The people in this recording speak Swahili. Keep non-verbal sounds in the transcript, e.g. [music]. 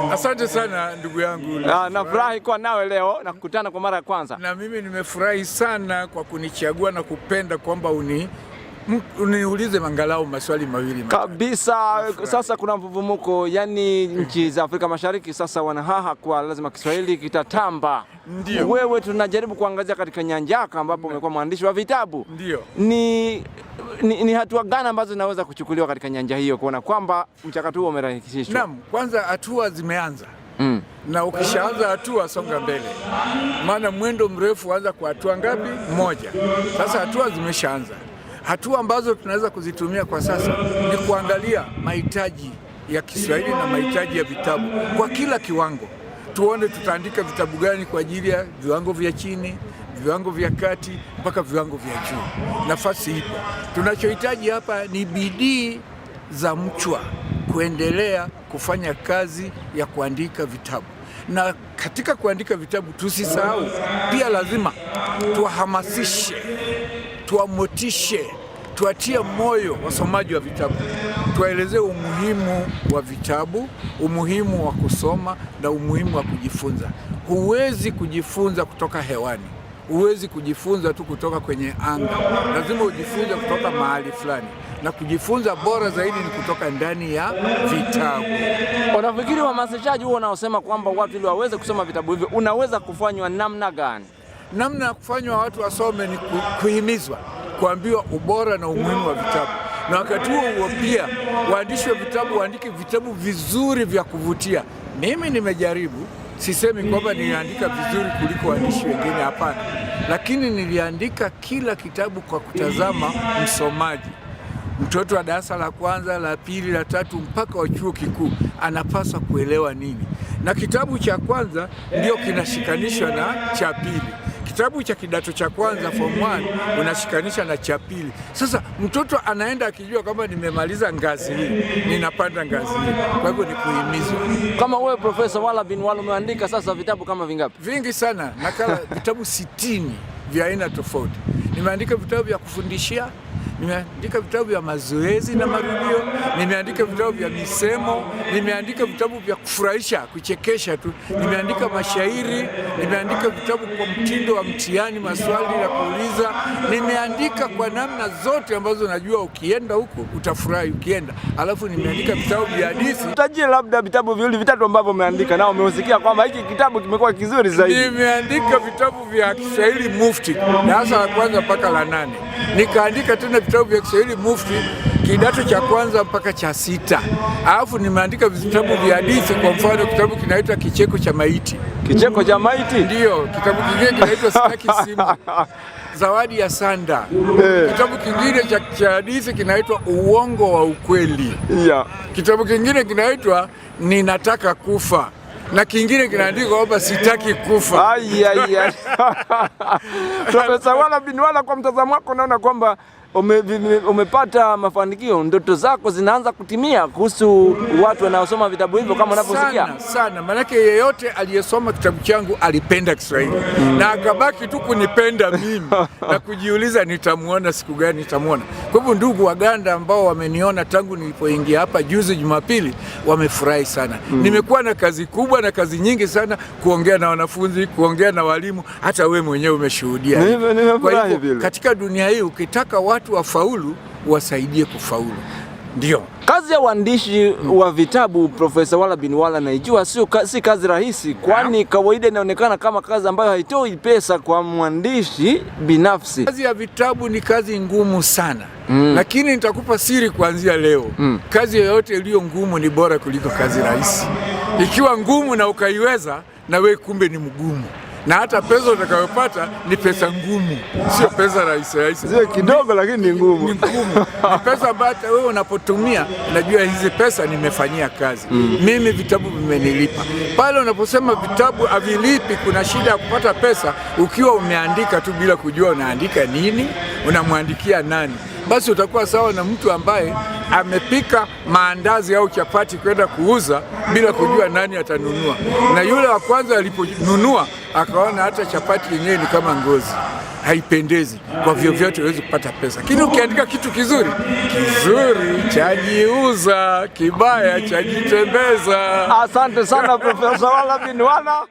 Oh. Asante sana ndugu yangu. Na nafurahi kuwa nawe leo na kukutana kwa mara ya kwanza. Na mimi nimefurahi sana kwa kunichagua na kupenda kwamba uni Niulize mangalau maswali mawili kabisa Sasa kuna mvuvumuko, yani nchi za Afrika Mashariki sasa wanahaha kwa lazima Kiswahili kitatamba. Ndiyo. Wewe tunajaribu kuangazia katika nyanja ambapo umekuwa mwandishi wa vitabu. Ndiyo. Ni, ni, ni hatua gani ambazo zinaweza kuchukuliwa katika nyanja hiyo kuona kwamba mchakato huo umerahisishwa? Naam, kwanza hatua zimeanza Mm. Na ukishaanza hatua songa mbele, maana mwendo mrefu anza kwa hatua ngapi? Moja. Sasa hatua zimeshaanza. Hatua ambazo tunaweza kuzitumia kwa sasa ni kuangalia mahitaji ya Kiswahili na mahitaji ya vitabu kwa kila kiwango, tuone tutaandika vitabu gani kwa ajili ya viwango vya chini, viwango vya kati mpaka viwango vya juu. Nafasi ipo. Tunachohitaji hapa ni bidii za mchwa kuendelea kufanya kazi ya kuandika vitabu, na katika kuandika vitabu tusisahau pia, lazima tuwahamasishe, tuwamotishe tuatie moyo wasomaji wa vitabu, tuwaelezee umuhimu wa vitabu, umuhimu wa kusoma na umuhimu wa kujifunza. Huwezi kujifunza kutoka hewani, huwezi kujifunza tu kutoka kwenye anga, lazima ujifunze kutoka mahali fulani, na kujifunza bora zaidi ni kutoka ndani ya vitabu. Unafikiri uhamasishaji huo unaosema kwamba watu ili waweze kusoma vitabu hivyo unaweza kufanywa namna gani? Namna ya kufanywa watu wasome ni kuhimizwa kuambiwa ubora na umuhimu wa vitabu, na wakati huo huo pia waandishi wa vitabu waandike vitabu vizuri vya kuvutia. Mimi nimejaribu, sisemi kwamba niliandika vizuri kuliko waandishi wengine, hapana, lakini niliandika kila kitabu kwa kutazama msomaji mtoto wa darasa la kwanza, la pili, la tatu mpaka wa chuo kikuu anapaswa kuelewa nini na kitabu cha kwanza ndio kinashikanishwa na cha pili. Kitabu cha kidato cha kwanza form 1 unashikanisha na cha pili. Sasa mtoto anaenda akijua kwamba nimemaliza ngazi hii, ninapanda ngazi hii. Kwa hivyo ni kuhimizwa. Kama wewe Profesa Wallah bin umeandika sasa vitabu kama vingapi? Vingi sana, nakala vitabu sitini vya aina tofauti. Nimeandika vitabu vya kufundishia nimeandika vitabu vya mazoezi na marudio, nimeandika vitabu vya misemo, nimeandika vitabu vya kufurahisha, kuchekesha tu, nimeandika mashairi, nimeandika vitabu kwa mtindo wa mtihani, maswali ya kuuliza, nimeandika kwa namna zote ambazo najua ukienda huko utafurahi ukienda. Alafu nimeandika vitabu vya hadithi. Utajie labda vitabu viwili vitatu ambavyo umeandika na umeusikia kwamba hiki kitabu kimekuwa kizuri zaidi. Nimeandika vitabu vitabu vya Kiswahili Mufti darasa la kwanza mpaka la nane, nikaandika tena vitabu vya Kiswahili Mufti kidato cha kwanza mpaka cha sita, alafu nimeandika vitabu vya hadithi. Kwa mfano kitabu kinaitwa Kicheko cha Maiti. Kicheko cha Maiti ndio kitabu kingine kinaitwa Sitaki Simba [laughs] Zawadi ya Sanda. Hey. Eh. Kitabu kingine cha hadithi kinaitwa Uongo wa Ukweli. Yeah. Kitabu kingine kinaitwa Ninataka Kufa na kingine kinaandikwa kwamba sitaki kufa. [laughs] Profesa Wala bin Wala, kwa mtazamo wako naona kwamba ume, umepata mafanikio, ndoto zako zinaanza kutimia kuhusu watu wanaosoma vitabu hivyo kama unavyosikia sana, sana. Maanake yeyote aliyesoma kitabu changu alipenda Kiswahili mm. na akabaki tu kunipenda mimi [laughs] na kujiuliza nitamwona siku gani, nitamwona kwa hivyo ndugu Waganda ambao wameniona tangu nilipoingia hapa juzi Jumapili wamefurahi sana mm. Nimekuwa na kazi kubwa na kazi nyingi sana, kuongea na wanafunzi, kuongea na walimu, hata we mwenyewe umeshuhudia. Kwa hivyo katika dunia hii ukitaka watu wafaulu, wasaidie kufaulu. Ndio kazi ya uandishi hmm, wa vitabu Profesa Wala bin Wala naijua, sio ka, si kazi rahisi, kwani kawaida inaonekana kama kazi ambayo haitoi pesa kwa mwandishi binafsi. Kazi ya vitabu ni kazi ngumu sana hmm, lakini nitakupa siri kuanzia leo hmm, kazi yoyote iliyo ngumu ni bora kuliko kazi rahisi. Ikiwa ngumu na ukaiweza, na wewe kumbe ni mgumu na hata pesa utakayopata ni pesa ngumu, sio pesa rahisi rahisi, sio kidogo, lakini ni ngumu, ni ngumu. Ni pesa ambayo hata wewe unapotumia unajua hizi pesa nimefanyia kazi mm. Mimi vitabu vimenilipa. Pale unaposema vitabu havilipi, kuna shida ya kupata pesa ukiwa umeandika tu bila kujua unaandika nini, unamwandikia nani, basi utakuwa sawa na mtu ambaye amepika maandazi au chapati kwenda kuuza bila kujua nani atanunua, na yule wa kwanza aliponunua akaona hata chapati yenyewe ni kama ngozi haipendezi kwa vyovyote, huwezi kupata pesa. Lakini ukiandika kitu kizuri, kizuri chajiuza, kibaya chajitembeza. Asante sana Profesa Wala Binwana.